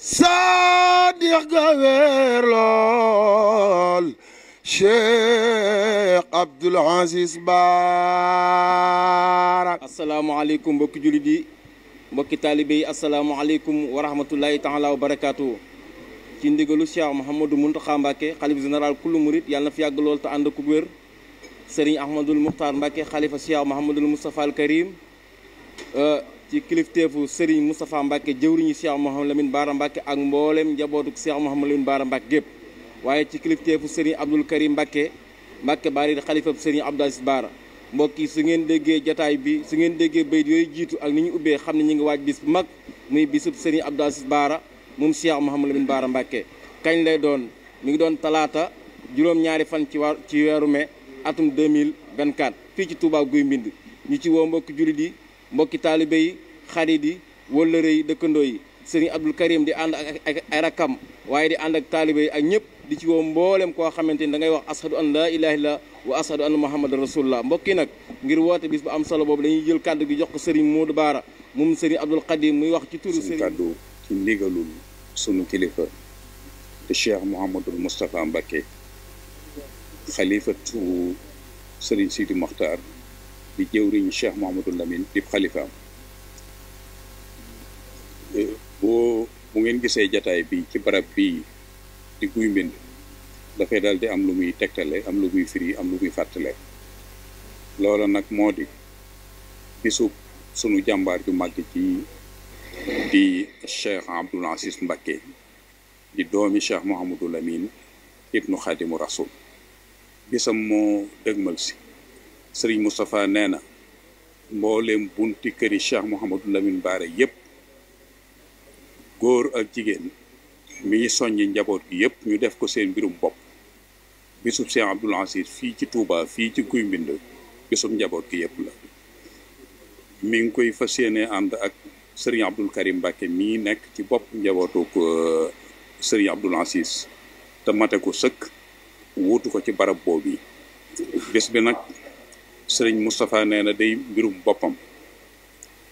صادق غير لول Cheikh Abdoul Aziz Bara asalaamaaleykum mbokki jullit yi mbokki taalibe yi asalaamaaleykum wa rahmatullahi taala wa barakaatu ci ndigalu Cheikh Mouhamadou Mountakha Mbacké xalif général kullu murit yàlla fi yàgg lool te ànd ku wér Serigne Ahmadul Muxtaar Mbacké xalifa Cheikh Mouhamadul Moustapha al Karim euh, ci kilifteefu Serigne Moustapha Mbacke jëwriñu Cheikh Mouhamadou lamin baara Mbacke ak mboolem njabootu Cheikh Mouhamadou Lamine Bara Mbacke gépp waaye ci kilifteefu Serigne Abdoul Karim Mbacke Mbacke Bari xalifab Serigne Abdou Aziz Bara mbokk yi su ngeen déggee jataay bi su ngeen déggee bayt yooyu jiitu ak ni ñu ubbee xam ne ñu ngi waaj bis bu mag muy bisub Serigne Abdou Aziz baara moom Cheikh Mouhamadou Lamine Bara Mbacke kañ lay doon mi ngi doon talaata juróom-ñaari fan ci wa ci weeru mai atum 2024 fii ci Touba Guy Mbind ñu ci woo mbokk jullit yi mbokki taaliba yi xarit yi yi dëkkandoo yi sëriñ Abdul Karim di ànd ak ay rakkam waaye di ànd ak taalibe yi ak ñëpp di ci woo mboolem koo xamante ni da ngay wax ashadu an laa ilaha illa wa ashadu anna muhammadan rasulullah mbokki nag ngir woote bis bu am solo boobu dañuy jël kàddu gi jox ko sëriñ Modou Baara moom sëriñ Abdul Qadim muy wax ci turu sëriñ kàddu ci sunu kilifa te Cheikh Mouhamadul Moustapha Mbacké xalifatu sëriñ di jëwriñu Cheikh Mouhamadou Lamine di xalifaam eh, boo bu ngeen gisee jataay bi ci barab bi di guy mbind dafay daal di am lu muy tegtale am lu muy firi am lu muy fàttale loola nag moo di bisub sunu jàmbaar ju màgg ci di Cheikh Abdoul Aziz Mbacké di doomi Cheikh Mouhamadou Lamine ibnu Xaadimu Rasul bisam moo dëgmal si sëriñ Moustapha nee na mbooleem bunti këri Cheikh Mouhamadou Lamine Baare yépp góor ak jigéen mi ngi soññi njaboot gi yépp ñu def ko seen birum bopp bisub Cheikh Abdoul Aziz fii ci Touba fii ci Guy Mbind bisub njaboot gi yépp la mi ngi koy fas yéene ànd ak sëriñ Abdoul Karim Mbacke mii nekk ci bopp njabootu ko euh, sëriñ Abdoul Aziz te mate ko sëkk wuutu ko ci barab boobu bés bi nag sëriñ Moustapha nee na day mbirum boppam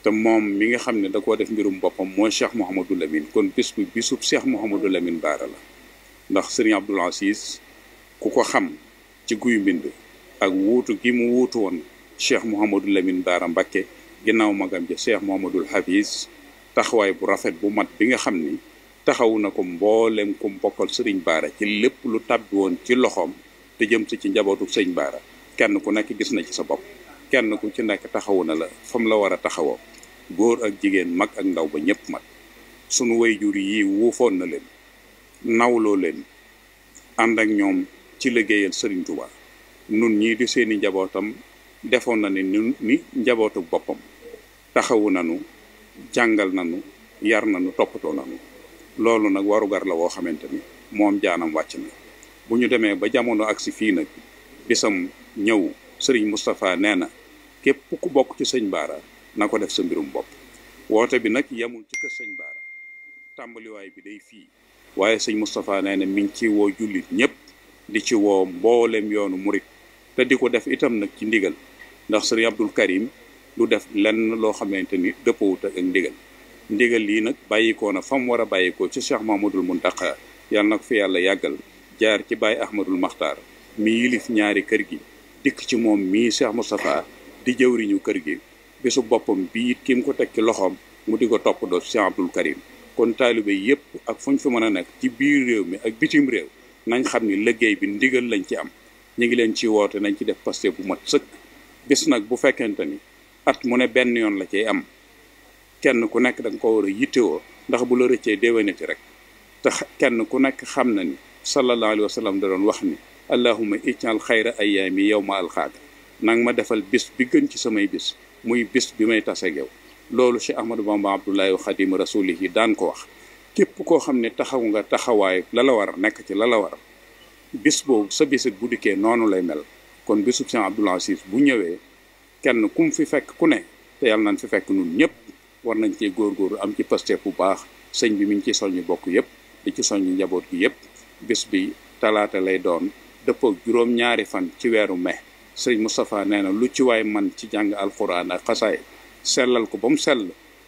te moom mi nga xam ne da koo def mbirum boppam mooy Cheikh Mouhamadou Lamine kon bis bu bisub Cheikh Mouhamadou Lamine Baara la ndax sëriñ Abdoul Aziz ku ko xam ci guy mbind ak wuutu gi mu wuutu woon Cheikh Mouhamadou Lamine Baara Mbacké ginnaaw magam ja Cheikh Mouhamadoul Hafiz taxawaay bu rafet bu mat bi nga xam ni taxawu na ko mboolem ku mbokkal sëriñ Baara ci lépp lu tàbbi woon ci loxoom te jëm si ci njabootu sëñ Baara kenn ku nekk gis na ci sa bopp kenn ku ci nekk taxawu na la fam la war a taxawoo góor ak jigéen mag ak ndaw ba ñëpp mag sunu jur yi wuufoon na leen nawloo leen ànd ak ñoom ci liggéeyal Sëriñ Tuubaa nun ñii di seeni njabootam defoon na ne nun ni njabootu boppam taxawu nanu jàngal nanu yar nanu toppatoo nanu loolu nag warugar la woo xamante ni moom jaanam wàcc na bu ñu demee ba jamono agsi fii nag bisam ñëw sëriñ Moustapha nee na képp ku bokk ci sëñ Baara na ko def sa mbirum bopp woote bi nag yemul ci kër sëñ tàmbaliwaay bi day fii waaye sëñ Moustapha nee na mi ngi ci woo jullit ñëpp di ci woo mboolem yoonu murik te di ko def itam nag ci ndigal ndax sëriñ Abdul Karim lu def lenn loo xamante ni dëppawut ak ndigal ndigal lii nag bàyyikoo na fa mu war a bàyyikoo ci Cheikh Mahmadul mun yàlla na nag fi yàlla yàggal jaar ci bàyyi Ahmadul Maxtaar mi yilif ñaari kër gi dikk ci moom mi Cheikh Moustapha di jëwriñu kër gi bésu boppam bii it ki mu ko teg ci loxoom mu di ko topp doot Cheikh Abdoul Karim kon taalibe yépp ak fu ñu fi mën a nekk ci biir réew mi ak bitim réew nañ xam ni liggéey bi ndigal lañ ci am ñu ngi leen ci woote nañ ci def paste bu mat sëkk bis nag bu fekkente ni at mu ne benn yoon la cay am kenn ku nekk da nga ko war a yittewoo ndax bu la rëccee déwénati rek te kenn ku nekk xam na ni sallallahu alayhi wa sallam da wax ni allahuma ijal xayra ayaami yow ma alxaaka nang ma defal bis bi gën ci samay bis muy bis bi may tase yow loolu Cheikh Ahmadou Bamba Abdoulaye wa xadim rasulihi daan ko wax képp koo xam ne taxaw nga taxawaay la la war nekk ci la la war bis boobu sa bisit bu dikkee noonu lay mel kon bisub Cheikh Abdoul Aziz bu ñëwee kenn kum fi fekk ku ne te yàlla nañ fi fekk nun ñëpp war nañ cee góorgóorlu am ci pasteef bu baax sëñ bi mi ngi ci soññu bokk yëpp di ci soññu njaboot gi yëpp bis bi talaata lay doon dëppoo juróom-ñaari fan ci weeru mai sëriñ Moustapha nee na lu ci waay man ci jàng alxuraan ak xasaay sellal ko ba mu sell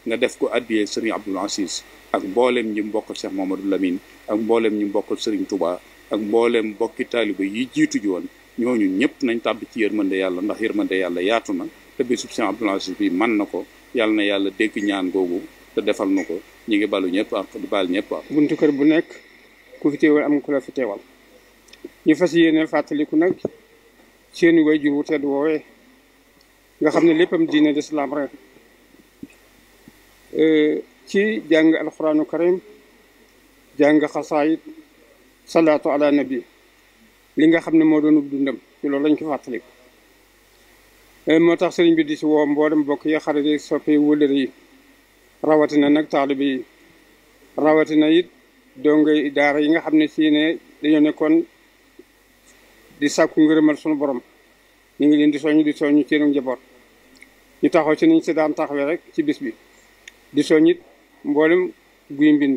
nga def ko addiyee sëriñ Abdul Aziz ak mboolem ñi mbokk Cheikh Mamadou Lamine ak mboolem ñi mbokk sëriñ Touba ak mboolem mbokki taaliba yi jiitu ji woon ñooñu ñëpp nañ tàbbi ci yërmande yàlla ndax yërmande yàlla yaatu na te bisub Cheikh Abdul Aziz bi man na ko yàlla na yàlla dégg ñaan googu te defal nu ko ñu ngi balu ñëpp ak di baal ñëpp ak buntu kër bu nekk ku fi teewal am ku la ñu fas yéene fàttaliku nag seeni waajur wu tedd woowee nga xam ne léppam diine lislaam rek euh, ci jàng alquranu karim jàng xasaayit salaatu ala nabi li nga xam ne moo doon dundam ci loolu lañ ko fàttaliku euh, moo tax sëriñ bi di si woo mboolem bokk yi xarit yi soppi wëllër yi rawatina nag taalibe yi rawatina it dongay daara yi nga xam ne si ne dañoo nekkoon di sàkku ngërëmal sunu borom ñu ngi leen di soñu di soñu ci yéen jabor ñu taxaw ci niñ ci daan taxawé rek ci bis bi di soñu mbolim guy mbind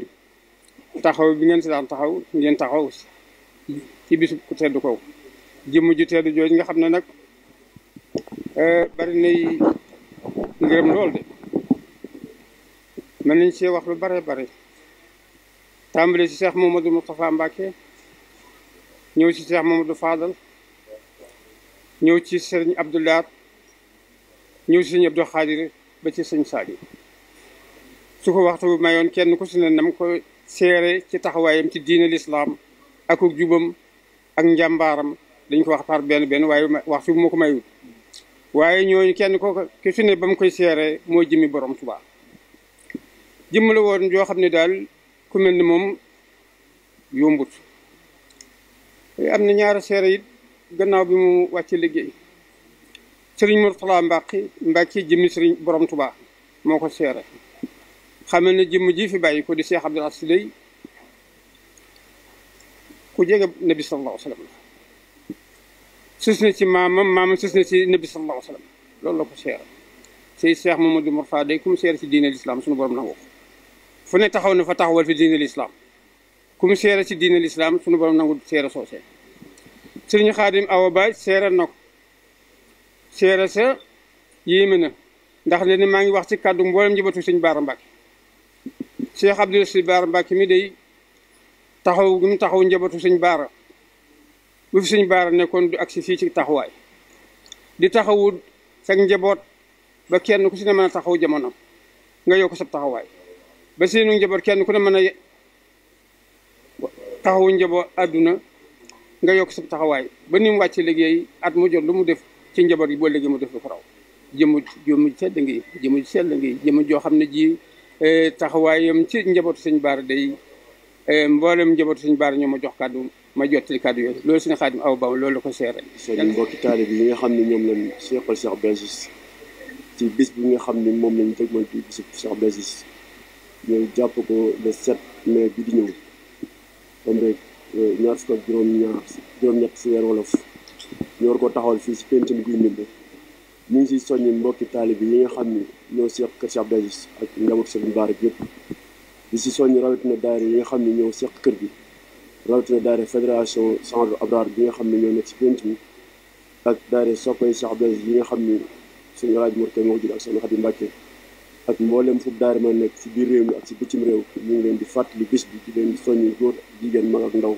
taxaw bi ngeen ci daan taxaw ngeen taxaw ci bisu ku tedd ko jëmm ju tedd joj nga xamne nak euh bari nay ngërëm lool de man nañ see wax lu bare bare tambali ci Cheikh Mamadou mustafa mbake ñëw ci Cheikh Mamadou Fadal ñëw ci sëriñ Abdoulaat ñëw ci sëriñ Abdou Khadir ci sëñ Saali su ko waxtu mayoon kenn ku si ne nam ko seere ci taxawaayam ci diine lislaam ak jubam ak njàmbaaram dañ ko wax par benn benn waaye waxtu bi moo ko mayul waaye ñooñu kenn ko ku si ne ba mu koy seere moo jëmi borom Tuubaa jëmm la woon joo xam ne daal ku mel ni moom yombut am na ñaari seere it gannaaw bi mu wàccee liggéey sëriñ Murtala Mbàkke Mbàkke jëmmi sëriñ borom tubaa moo ko seere xamal ne jëmm ji fi bàyyi ko di Cheikh Abdoul Aziz Sy ku jege nabi sallallahu alayhi wa sallam sës na ci maamam maamam sës na ci nabi sallallahu alayhi wa loolu la ko seere sëy Cheikh Mamadou Murtala day ku mu seere ci suñu borom nangu ko fu ne taxaw ne fa taxawal fi diine l'islam ku mu seere ci diine lislaam sunu borom nangu seere soose sëriñ xaadim awa baay seere nok seere sa yéeme na ndax ne ni maa ngi wax ci kàddu mboolem njëbatu sëñ Baara Mbàkke Cheikh Abdoul Si Baara Mbàkke mi day taxaw gi mu taxaw njëbatu sëñ Baara bu fi sëñ Baara nekkoon ak si fii si taxawaay di taxawu sag njaboot ba kenn ku si ne mën a taxaw jamono nga yokk ko sab taxawaay ba seenu njaboot kenn ku ne mën a taxawu njaboot àdduna nga yokk sa taxawaay ba ni mu wàccee liggéey at mu jot lu mu def ci njaboot yi boo léegi mu def lu ko raw jëmu jëmu sedd ngi jëmu sell ngi jëmu joo xam ne ji eh, taxawaayam ci njabootu sëñ baara day eh, mboolem njabootu sëñ baara ñoo ma jox kàddu ma jottali kàddu yooyu loolu suñu xaadim aw baw loolu la ko seere seen mbokki taalib yi nga xam ne ñoom lañ seexal Cheikh Bensis ci bis bi nga xam ne moom lañ fekk mooy bisu Cheikh Bensis ñooy jàpp ko le 7 mai bi di ñëw tombeeg eh, ñaar fukk juróom-ñaar juróom-ñett si weer wolof ñu war ko taxawal fii si pencum Guy Mbind ñu ngi siy soññi mbokki taalibe yi nga xam ni ñoo seq kër si Abdou Aziz ak njabootu Serigne Bara yëpp di si soññi rawatina daayira yi nga xam ne ñoo seq kër gi rawatina fédération Centre Abrar bi nga xam ne ñoo nekk si penc ak daayira soppay si Abdou Aziz yi nga xam ni suñu laaj Mor Kay moo ko jur ak seen Xadim Mbàkke mbooleem mboolem fu daara ma nekk ci biir réew mi ak ci bitim réew ñu ngi leen di fàttali bis bi di leen di soññi góor ak jigéen mag ak ndaw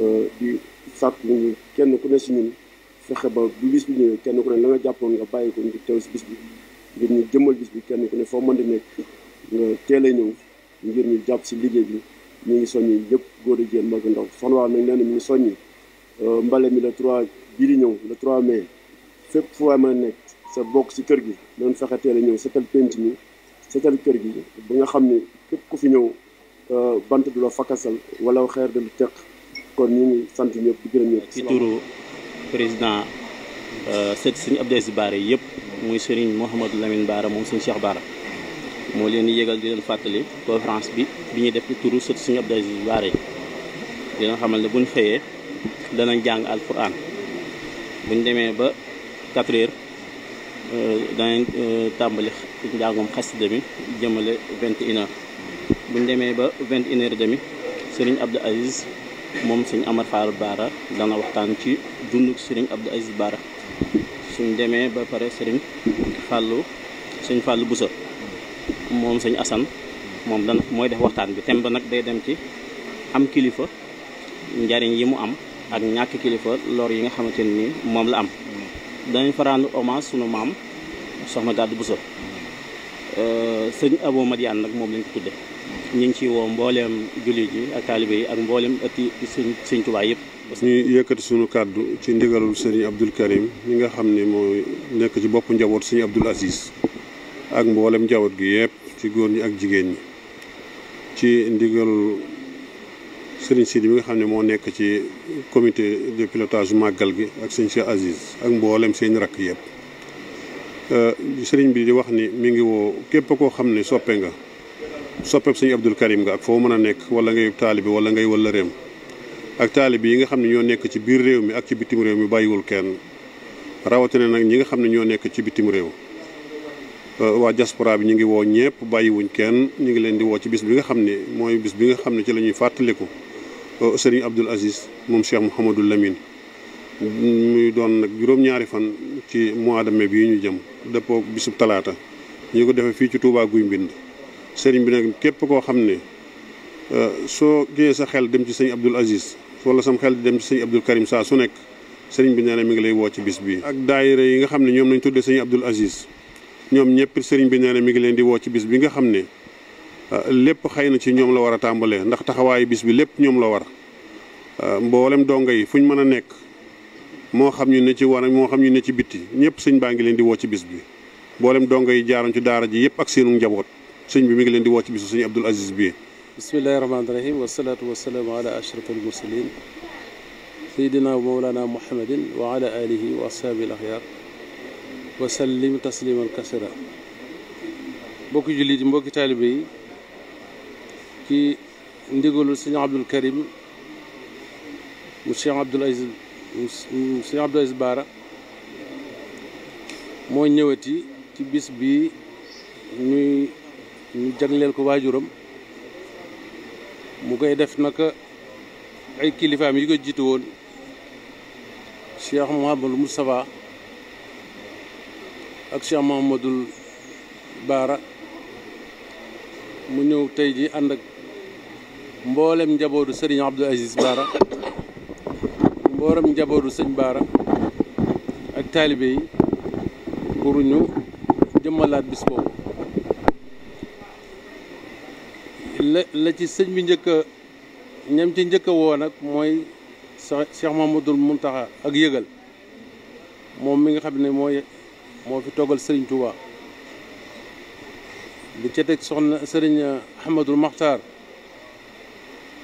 euh, di sàkk ñu kenn ku ne si ñun fexe ba bu bis bi ñëwee kenn ku ne la jàppoon nga bàyyi ko ngir si bis bi ngir ñu jëmmal bis bi kenn ku ne foo man di nekk nga teel a ñëw ngir ñu jàpp si liggéey bi ñu ngi soññi yëpp góor ak jigéen mag ak ndaw fanwaar nañ leen ñu ngi soññi euh, mbale mi le 3 bii ñëw le trois mais fépp fu waay mën nekk sa bokk ci kër gi doon fexe teel a ñëw setal pénc mi setal kër gi ba nga xam ni képp ku fi ñëw euh, bant du la fakasal wala xeer du lu teq kon ñu ngi sant ñëpp di gërëm ñëpp. ci turu président euh, sët sëñ Abdou Aziz Bara yëpp muy sëriñ Mouhamadou Lamine Bara moom seen Cheikh Bara moo leen di yëgal di leen fàttali conférence bi bi ñuy def ci turu sët sëñ Abdou Aziz Bara yi dina xamal ne bu xëyee danañ jàng alquran bu buñ demee ba 4 Euh, danañ euh, tàmbali njàngum xasida demi jëmale vingt et une demee ba vingt et demi Serigne Abdou Aziz moom Serigne Amar Fall Baara dana waxtaan ci dunduk Serigne Abdou Aziz Baara suñ demee ba pare Serigne Fallou Serigne Fallou Boussa moom Serigne Assane moom dana mooy def waxtaan bi thème ba nag day dem ci am kilifa njariñ yi mu am ak ñàkk kilifa lor yi nga xamante ni moom la am dañu fa rendre hommage sunu maam soxna Gàddu Buso euh, sëñ aboo Madiane nag moom lañ ko tudde ñu ngi ciy woo mbooleem jullit yi ak taalibe yi ak mbooleem ëtti sëñ sëñ Tuubaa yëpp ñu yëkkati suñu kàddu ci ndigalul sëriñ Abdul Karim ñi nga xam ne moo nekk ci boppu njaboot sëñ Abdul Aziz ak mbooleem njaboot gi yëpp ci góor ñi ak jigéen ñi ci ndigalul Serigne Sidi bi nga xam ne moo nekk ci commité de pilotage màggal gi ak sëñ Cheikh Aziz ak mboolem seen rakk yépp euh, sëriñ bi di wax ni mi ngi woo képp koo xam ne soppe nga soppeeb sëñ Abdul Karim nga ak foo mën a nekk wala ngay taalibi wala ngay wala réem ak taalibi yi nga xam ne ñoo nekk ci biir réew mi ak ci bitim réew mi bàyyiwul kenn rawatina nag ñi nga xam ne ñoo nekk ci bitim réew euh, waa diaspora bi ñu ngi woo ñëpp bàyyiwuñ kenn ñu ngi leen di woo ci bis bi nga xam ne mooy bis bi nga xam ne ci la ñuy fàttaliku Euh, sëriñ Abdul Aziz moom Cheikh Mouhamadul Lamine muy doon nag juróom-ñaari fan ci mois de mai bii ñu jëm dëppoo bisub talaata ñu ko defee fii ci tuubaa Guy Mbind sëriñ bi nag képp koo xam ne euh, soo jëyee sa xel dem ci sëñ Abdul Aziz wala sam xel di dem ci sëñ Abdul saa su nekk sëriñ bi nee na mi ngi lay woo ci bis bi. ak daayira yi nga xam ne ñoom lañ tuddee sëñ Abdul Aziz ñoom ñëpp sëriñ bi nee na mi ngi leen di woo ci bis bi nga xam ne. Euh, lépp xëy na ci ñoom la war a tàmbalee ndax taxawaayu bis bi lépp ñoom la war euh, mboolem donga yi fu ñu mën a nekk moo xam ñu ne ci wane moo xam ñu ne ci bitti ñëpp sëñ baa ngi leen di woo ci bis bi mboolem dongo yi jaaroon ci daara ji yëpp ak seenu njaboot sëñ bi mu ngi leen di woo ci bisu sëñ Abdul Aziz bi bismillahi rahmaani rahim wasalaatu wasalaamu ala ashraf al mursalin wa ala alihi wa ashaabi al axyaar wa sallim tasliman kasira mbokki jullit yi mbokki taalibe yi كي نقول عبد الكريم والشيخ عبد العزيز سيدنا عبد العزيز بارا موي نيوتي تي بيس بي ني ني جانليل كو موكاي ديف اي كليفه مي كو جيتو وون شيخ محمد المصطفى اك شيخ مو نيو تاي اندك mboolem njabootu serigne Abdou Aziz bara mboolem njabootu serigne bara ak talibé yi pour ñu jëmmalat bis bo la ci serigne bi ñëk ñam ci ñëk wo nak moy Cheikh Mamadou muntaha ak yëgal mom mi nga xamné moy mo fi togal serigne Touba di ci tek soxna serigne ahmadou makhtar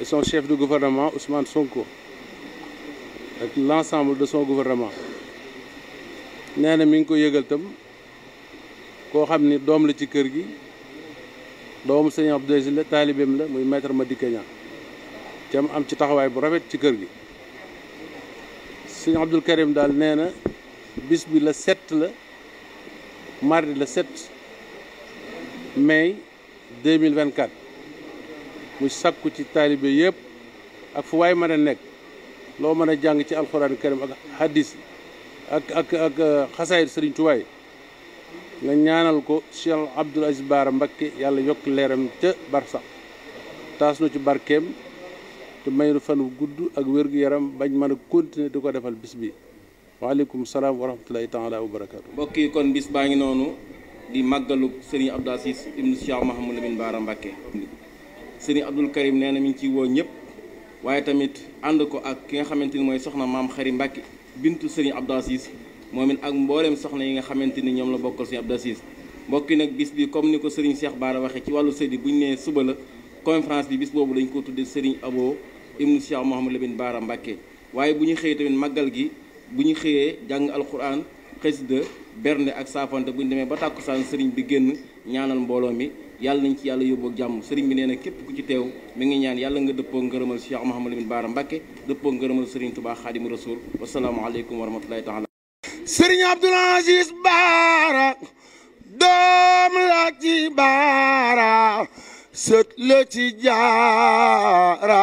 et son chef de gouvernement Ousmane Sonko ak l'ensemble de son gouvernement nee na mi ngi ko yëgal tam koo xam ni doom la ci kër gi doomu sëñ Abdou Aziz la taalibeem la muy maître Madické Niang cam am ci taxawaay bu rafet ci kër gi sëñ Abdoul Karim daal nee na bis bi la sept la mardi la sept mai 2024 muy sakku ci talibé yépp ak fu way mëna nek lo mëna jang ci alcorane karim ak hadis ak ak ak euh, xasaayid serigne Tuwaay nga ñaanal ko Cheikh Abdul Aziz bar Mbakke yalla yok léram ca barsax tasnu ci barkem te mayru nu fan wu gudd ak wér yaram bañ mëna continuer diko defal bis bi alaykum salaam wa rahmatullahi taala wa barakatuh mbokk kon bis baangi nonu di màggalu serigne Abdul Aziz ibn Cheikh mahamoud Lamine bar Serigne Abdoul Karim nee na mi ngi ciy woo ñëpp waaye tamit ànd ko ak ki nga xamante ni mooy soxna maam Xari Mbàkke bintu Serigne Abdou Aziz moom it ak mbooleem soxna yi nga xamante ni ñoom la bokkal Serigne Abdou Aziz mbokk yi nag bis bi comme ni ko Serigne Cheikh baara waxee ci wàllu sëy bi bu ñu nee suba la conférence bi bis boobu dañ ko tuddee Serigne Abo ibnu Cheikh Mouhamed Lamine Bara Mbàkke waaye bu ñu xëyee tamit màggal gi bu ñu xëyee jàng alquran xasida bernde ak saafante bu demee ba tàkkusaan sëriñ bi génn ñaanal mbooloo mi yàlla nañ ci yàlla yóbbu ak jàmm sëriñ bi nee na képp ku ci teew mi ngi ñaan yàlla nga dëppoo ngërëmal Cheikh Mouhamadou Lamine Bara Mbacké dëppoo ngërëmal sëriñ Touba Xaadimu Rasuul wasalaamualeykum wa rahmatulahi taala sëriñ Abdoul Aziz Bara doom la ci Bara sët la ci Jaara